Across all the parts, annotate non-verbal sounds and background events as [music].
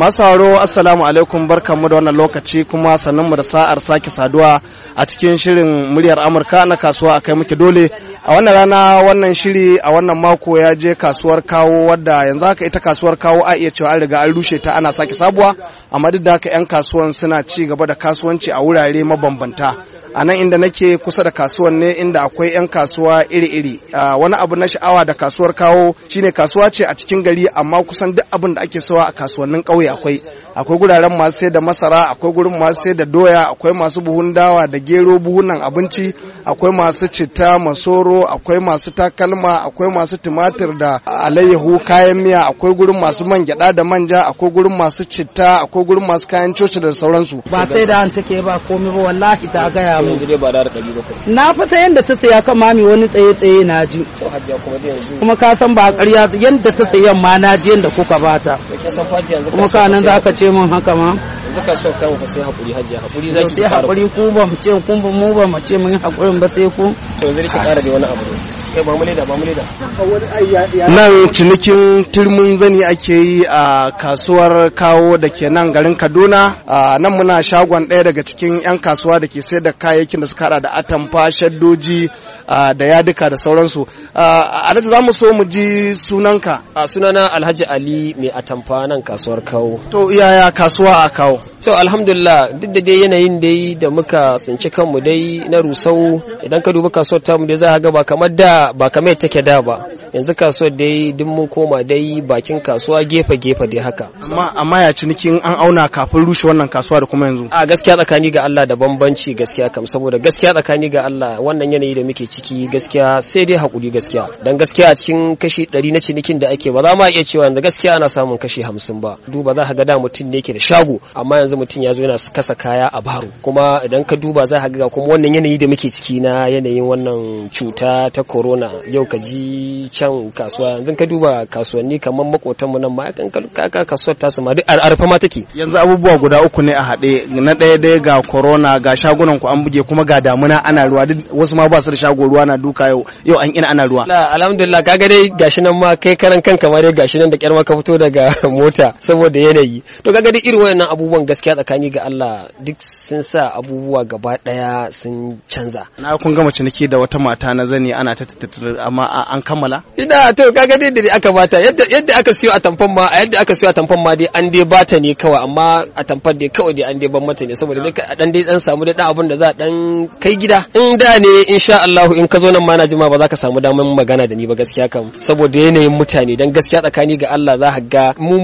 masu haro assalamu alaikum barkanmu da wannan lokaci kuma sannunmu da sa'ar sake saduwa a cikin shirin muryar amurka na kasuwa a kai muke dole a wannan rana wannan shiri a wannan mako ya je kasuwar kawo wadda yanzu haka ita kasuwar kawo a iya cewa an riga an rushe ta ana sake sabuwa amma duk da haka 'yan kasuwan suna ci gaba da kasuwanci a wurare mabambanta a nan inda nake kusa da kasuwan ne inda akwai 'yan kasuwa iri-iri wani abu na sha'awa da kasuwar kawo shine kasuwa ce a cikin gari amma kusan duk abin da ake sawa a kasuwannin ƙauye akwai akwai guraren masu sai da masara akwai gurin masu sai da doya akwai masu buhun dawa da gero buhunan abinci akwai masu citta masoro akwai masu takalma akwai masu tumatir da alayyahu kayan miya akwai gurin masu man gyada da manja akwai gurin masu citta akwai gurin masu kayan coci da sauransu ba sai da an take ba komai ba wallahi ta gaya mu na fita yanda ta tsaya kan mami wani tsaye tsaye na ji kuma ka san ba ƙarya yanda ta tsayan ma na ji yanda kuka bata kuma kanan za ka ce mun haka ma yanzu ka shauka ku sai hakuri hajiya hakuri zaki sai hakuri ku ba mu ce kun ba mu ba mu ce mun hakurin ba sai ku to zai ki kara da wani abu nan cinikin turmin zani ake yi a kasuwar kawo da ke nan garin kaduna nan muna shagon ɗaya daga cikin 'yan kasuwa da ke sayar da kayayyakin da suka hada da atamfa shaddoji da yaduka da sauransu a nan za mu so mu ji sunanka sunana alhaji ali mai atamfa nan kasuwar kawo to yaya kasuwa a kawo to alhamdulillah duk da dai yanayin dai da muka tsinci kanmu dai na rusau idan ka duba kasuwar tamu dai za a ga kamar da ba kamar take da ba yanzu kasuwar dai duk mun koma dai bakin kasuwa gefe gefe dai haka amma amma ya cinikin an auna kafin rushe wannan kasuwa da kuma yanzu a gaskiya tsakani ga Allah da bambanci gaskiya kam saboda gaskiya tsakani ga Allah wannan yanayi da muke ciki gaskiya sai dai hakuri gaskiya dan gaskiya a cikin kashi 100 na cinikin da ake ba za mu iya cewa yanzu gaskiya ana samun kashi 50 ba duba za ka ga da mutum ne yake da shago amma yanzu mutum ya zo yana kasa kaya a baro kuma idan ka duba za ka ga kuma wannan yanayi da muke ciki na yanayin wannan cuta ta corona corona yau ka ji can kasuwa yanzu ka duba kasuwanni kamar makotanmu nan ma kan kaka kasuwar su ma duk arfa ma take yanzu abubuwa guda uku ne a haɗe na ɗaya dai ga corona ga shagunan ku an buge kuma ga damuna ana ruwa duk wasu ma ba su da shago ruwa na duka yau yau an ina ana ruwa alhamdulillah kaga dai gashi nan ma kai karan kanka ma dai gashi nan da kyar ma ka fito daga [laughs] mota saboda yanayi to kaga dai irin wannan abubuwan gaskiya tsakani ga Allah duk sun sa abubuwa gaba daya sun canza na kun gama ciniki da wata mata na zani ana ta amma an kammala ina to kaga dai da aka bata yadda yadda aka siyo a tamfan ma yadda aka siyo a tamfan ma dai an dai bata ne kawai amma a tamfan dai kawai dai an dai ban mata ne saboda dai dan dai dan samu dai dan abin da za a dan kai gida in da ne insha Allah in ka zo nan ma na jima ba za ka samu damar magana da ni ba gaskiya kam saboda yanayin mutane dan gaskiya tsakani ga Allah za ka ga mu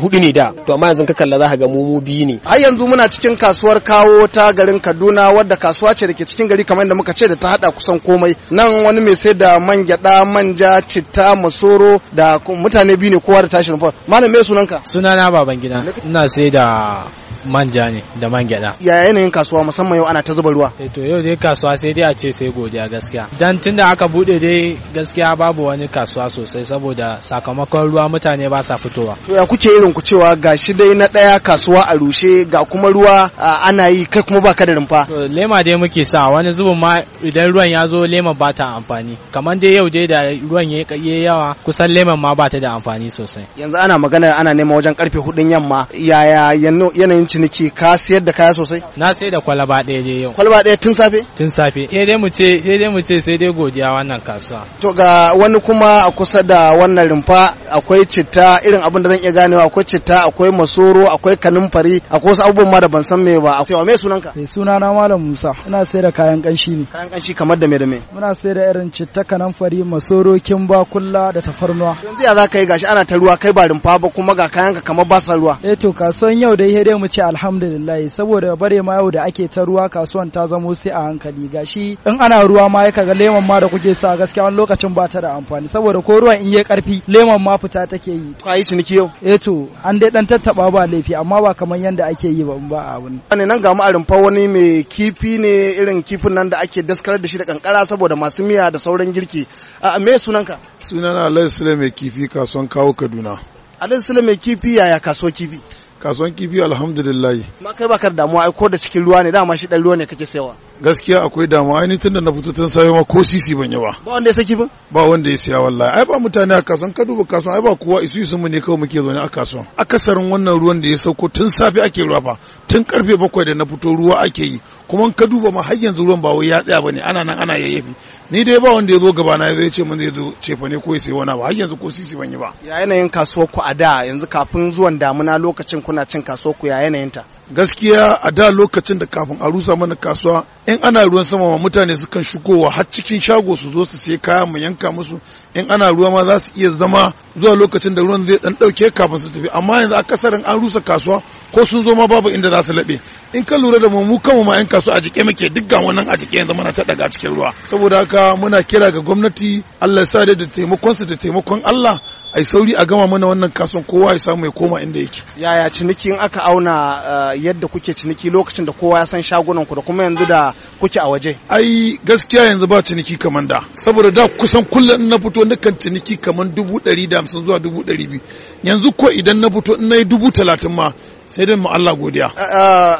hudu ne da to amma yanzu ka kalla za ka ga mu biyu ne har yanzu muna cikin kasuwar kawo ta garin Kaduna wadda kasuwa ce da ke cikin gari kamar yadda muka ce da ta hada kusan komai nan wani mai sai da man gyada manja citta masoro da mutane biyu ne kowa da tashin fa malam me sunanka sunana baban gida ina sai da manja ne da man gyada ya yanayin kasuwa musamman yau ana ta zuba ruwa eh to yau dai kasuwa sai dai a ce sai godiya gaskiya dan tunda aka bude dai gaskiya babu wani kasuwa sosai saboda sakamakon ruwa mutane ba sa fitowa to ya kuke irin ku cewa gashi dai na daya kasuwa a rushe ga kuma ruwa ana yi kai kuma ba ka da rumfa lema dai muke sa wani zubin ma idan ruwan ya zo lema ba ta amfani kamar dai yau dai da ruwan ya yi yawa kusan lemon ma ba ta da amfani sosai yanzu ana magana ana neman wajen karfe hudun yamma yaya yanayin ciniki ka siyar da kaya sosai na sai da kwalaba ɗaya dai yau kwalaba ɗaya tun safe tun safe sai dai mu ce sai dai mu ce sai dai godiya wannan kasuwa to ga wani kuma a kusa da wannan rumfa akwai citta irin abin da zan iya ganewa akwai citta akwai masoro akwai kanumfari akwai wasu abubuwan ma da ban san me ba sai wa me sunanka sunana malam Musa ina sai da kayan kanshi ne kayan kanshi kamar da me da me muna sai da irin citta ta kanamfari masorokin bakulla da tafarnuwa yanzu ya za ka yi gashi ana ta ruwa kai ba rumfa ba kuma ga kayan ka kamar ba ruwa eh to kasuwan yau dai dai mu ce alhamdulillah saboda bare ma yau da ake ta ruwa kasuwan ta zama sai a hankali gashi in ana ruwa ma ya kaga lemon ma da kuke sa gaskiya wani lokacin ba ta da amfani saboda ko ruwan in ya karfi lemon ma fita take yi ka yi ciniki yau eh to an dai dan tattaba ba laifi amma ba kamar yanda ake yi ba ba a wani nan ga mu a rumfa wani mai kifi ne irin kifin nan da ake daskarar da shi da kankara saboda masu miya da sauran sauran girki a me sunanka sunana alhaji sule mai kifi kasuwan kawo kaduna alhaji sule mai kifi yaya kasuwan kifi kasuwan kifi alhamdulillah ma kai baka da damuwa ai ko da cikin ruwa ne dama shi dan ruwa ne kake sayawa gaskiya akwai damuwa ai ni tunda na fito tun sayo ma ko sisi ban yi ba ba wanda ya saki ba ba wanda ya siya wallahi ai ba mutane a kasuwan ka duba kasuwan ai ba kowa isu isu mu ne kawai muke zaune a kasuwan akasarin wannan ruwan da ya sauko tun safe ake ruwa fa tun karfe bakwai da na fito ruwa ake yi kuma ka duba ma har yanzu ruwan ba wai ya tsaya bane ana nan ana yayyafi ni dai ba wanda ya zo gaba na zai ce mun zai zo cefa ne ko ya sayi wani ba har yanzu ko sisi ban yi ba ya yanayin kasuwar ku a da yanzu kafin zuwan damuna lokacin kuna cin kasuwar ku ya yanayin ta gaskiya a da lokacin da kafin a rusa mana kasuwa in ana ruwan sama ma mutane sukan shigowa har cikin shago su zo su sai kaya mu yanka musu in ana ruwa ma za su iya zama zuwa lokacin da ruwan zai dan dauke kafin su tafi amma yanzu a akasarin an rusa kasuwa ko sun zo ma babu inda za su laɓe in ka lura da mu mu kanmu ma yan kasuwa a jike muke duk ga wannan a jike yanzu muna ta daga cikin ruwa saboda haka muna kira ga gwamnati Allah ya sa da taimakon su da taimakon Allah ai sauri a gama mana wannan kasuwan kowa ya samu ya koma inda yake yaya ciniki in aka auna eh, yadda kuke ciniki lokacin da kowa ya san shagunan ku da kuma yanzu da kuke a waje ai gaskiya yanzu ba ciniki kaman da saboda da kusan kullum na fito nukan ciniki kaman dubu ɗari da hamsin zuwa dubu ɗari biyu yanzu ko idan na fito in na yi dubu talatin ma sai dai mu Allah godiya.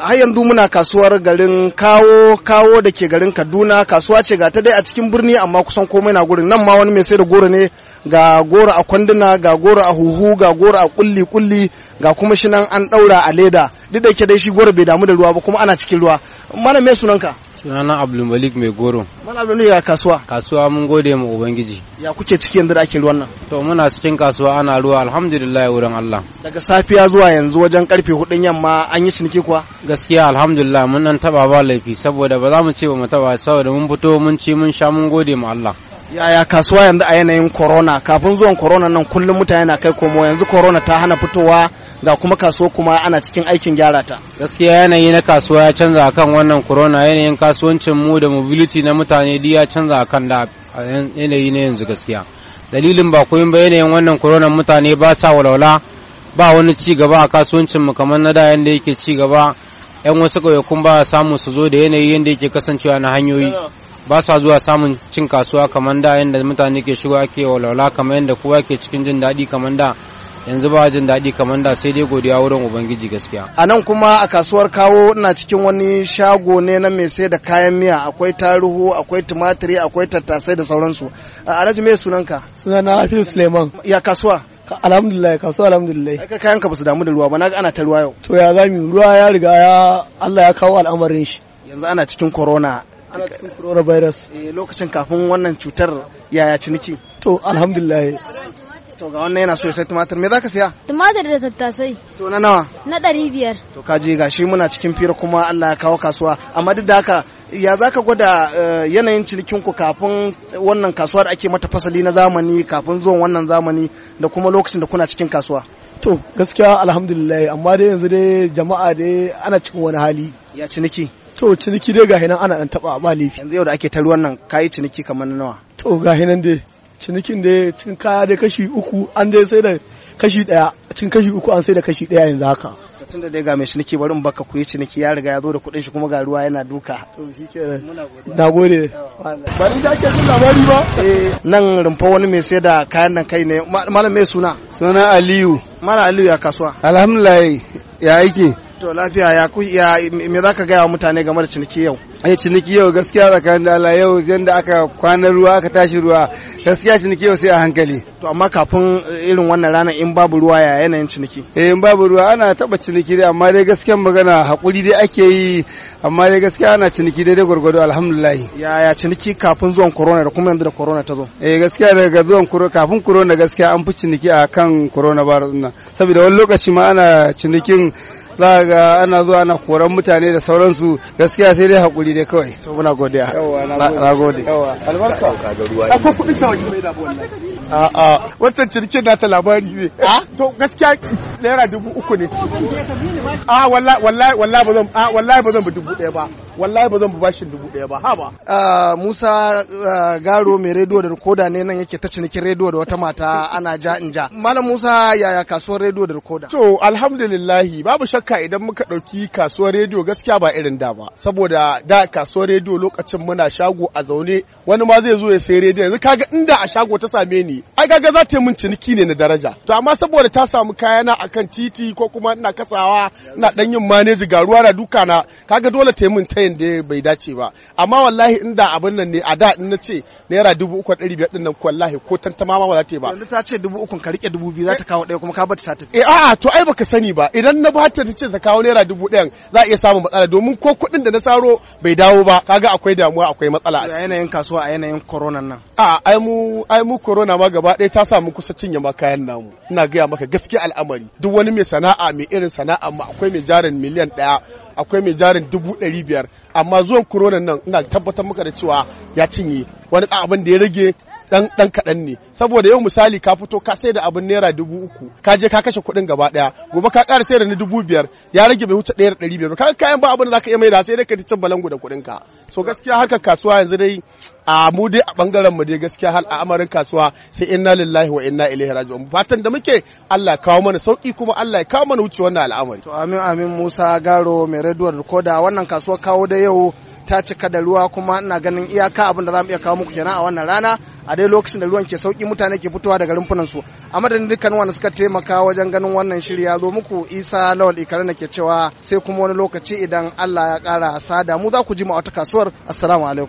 Har yanzu muna kasuwar garin kawo kawo da ke garin Kaduna kasuwa ce ga ta dai a cikin birni amma kusan komai na gurin nan ma wani mai sai da goro ne ga goro a kwanduna ga goro a huhu ga goro a kulli kulli ga kuma shi nan an daura a leda duk da ke dai shi goro bai damu da ruwa ba kuma ana cikin ruwa. Mana me sunanka? sunana abdulmalik mai goro mana abdulmalik ya kasuwa kasuwa mun gode mu ubangiji ya kuke ciki yanzu da ake ruwan nan to muna cikin kasuwa ana ruwa alhamdulillah wurin Allah daga safiya zuwa yanzu wajen karfe hudun yamma an yi ciniki kuwa gaskiya alhamdulillah mun nan taba ba laifi saboda ba za mu ce ba mu taba saboda mun fito mun ci mun sha mun gode ma Allah yaya kasuwa yanzu a yanayin corona kafin zuwan corona nan kullum mutane na kai komo yanzu corona ta hana fitowa ga kuma kasuwa kuma ana cikin aikin gyara ta gaskiya yanayi na kasuwa ya canza akan wannan corona yanayin kasuwancin mu da mobility na mutane duk ya canza akan da yanayi na yanzu gaskiya dalilin ba koyin ba yanayin wannan corona mutane ba sa walwala ba wani ci gaba a kasuwancin mu kamar na da yanda yake ci gaba yan wasu kauyakun ba samu su zo da yanayi yanda yake kasancewa na hanyoyi ba sa zuwa samun cin kasuwa kamar da yadda mutane ke shigo ake walwala kamar yadda kowa ke cikin jin daɗi kamar da yanzu ba jin daɗi kamar da sai dai godiya wurin ubangiji gaskiya a nan kuma a kasuwar kawo ina cikin wani shago ne na mai sai da kayan miya akwai taruhu akwai tumatiri akwai tattasai da sauransu alhaji me sunanka sunana hafiz suleiman ya kasuwa alhamdulillah kasuwa alhamdulillah ka kayan ka basu damu da ruwa ba naga ana ta ruwa yau to ya zamu ruwa ya riga ya Allah ya kawo al'amarin shi yanzu ana cikin corona ana cikin coronavirus eh, lokacin kafin wannan cutar yaya ciniki to alhamdulillah To ga wannan yana so ya sai tumatir me zaka siya? Tumatir da tattasai. To na nawa? Na ɗari biyar. To kaji gashi muna cikin fira kuma Allah ya kawo kasuwa amma duk da haka ya za ka gwada eh, yanayin cinikinku kafin wannan kasuwa da ake mata fasali na zamani kafin zuwan wannan zamani da kuma lokacin da kuna cikin kasuwa to gaskiya alhamdulillah amma dai yanzu dai jama'a dai ana cikin wani hali ya ciniki to ciniki dai ga hinan ana dan taba a laifi yanzu yau da ake ta ruwan nan kayi ciniki kamar nawa to ga hinan dai cinikin da cin kaya da kashi uku an dai sai da kashi daya cin kashi uku an sai da kashi daya yanzu haka tun da dai ga mai ciniki bari baka ku yi ciniki ya riga ya zo da kuɗin shi kuma ga ruwa yana duka to shikenan na gode bari da ake jin labari ba eh, nan rumfa wani mai sai da kayan nan kai ne malam mai suna suna aliyu malam aliyu ya kasuwa alhamdulillah ya aiki to lafiya ya ya, me zaka gaya wa mutane game da ciniki yau yi ciniki yau gaskiya tsakanin da Allah yau yadda aka kwana ruwa aka tashi ruwa gaskiya ciniki yau sai a hankali to amma kafin eh, irin wannan rana in babu ruwa ya yanayin ciniki eh in babu ruwa ana taba ciniki dai amma dai gaskiyan magana hakuri dai ake yi amma dai gaskiya ana ciniki dai dai gwargwado alhamdulillah yaya ciniki kafin zuwan corona da kuma yanzu da corona ta zo eh gaskiya daga zuwan corona kafin corona gaskiya an fi ciniki akan corona virus nan saboda wani lokaci ma ana cinikin za ga ana zuwa ana koran mutane da sauransu gaskiya sai dai hakuri dai kawai to muna godiya na gode albarka ga ruwa da wannan a'a wancan cirkin na ta labari ne to gaskiya naira dubu uku ne a wallahi wallahi wallahi ba a wallahi ba zan bi dubu ɗaya ba wallahi ba zan bi bashin dubu ɗaya ba haba. Ah, Musa ah, Garo mai rediyo da rikoda ne nan yake ta cinikin rediyo da wata mata ana ja in ja. Malam Musa yaya kasuwar rediyo da rikoda? To alhamdulillahi babu shakka idan muka ɗauki kasuwar rediyo gaskiya ba irin da ba. Saboda da kasuwar rediyo lokacin muna shago a zaune wani ma zai zo ya sayi rediyo yanzu kaga inda a shago ta same ni ai kaga za ta yi min ciniki ne na daraja. To amma saboda ta samu kayana akan titi ko kuma ina kasawa ina ɗan yin maneji ga ruwa na duka na kaga dole ta yi min ta yanayin da bai dace ba amma wallahi inda abin nan ne a da in na ce naira dubu uku ɗari biyar ɗin wallahi ko tantama ma ba za ta ba yanzu ta ce dubu uku ka rike dubu biyu za ta kawo ɗaya kuma ka bata ta tafi eh a'a to ai baka sani ba idan na bata ta ce ta kawo naira dubu ɗayan za a iya samun matsala domin ko kuɗin da na saro bai dawo ba kaga akwai damuwa akwai matsala a yanayin kasuwa a yanayin corona nan a ai mu ai mu corona ma gaba ɗaya ta samu kusa cinye ma kayan namu ina gaya maka gaskiya al'amari duk wani mai sana'a mai irin sana'a ma akwai mai jarin miliyan ɗaya akwai mai jarin dubu ɗari biyar amma zuwan corona nan ina tabbatar maka da cewa ya cinye wani abin da ya rage dan dan kaɗan ne saboda yau misali ka fito ka sai da abin naira dubu uku ka je ka kashe kuɗin gaba ɗaya gobe ka ƙara sai da na dubu biyar ya rage bai wuce ɗaya da ɗari biyar ka kayan ba abin da zaka iya mai da sai dai ka ci balangu da kuɗin ka so gaskiya harkar kasuwa yanzu dai a mu dai a ɓangaren mu dai gaskiya hal a amarin kasuwa sai inna lillahi wa inna ilaihi raji'un fatan da muke Allah kawo mana sauki kuma Allah ya kawo mana wuce wannan al'amari to amin amin Musa Garo mai Redwood Koda wannan kasuwa kawo da yau ta cika da ruwa kuma ina ganin iyaka abin da za mu iya kawo muku kenan a wannan rana a dai lokacin da ruwan ke sauki mutane ke fitowa daga rumfunan su a madadin dukkan wanda suka taimaka wajen ganin wannan shiri ya zo muku isa lawal ikare na ke cewa sai kuma wani lokaci idan allah ya kara sada mu za ku ji mu a wata kasuwar assalamu alaikum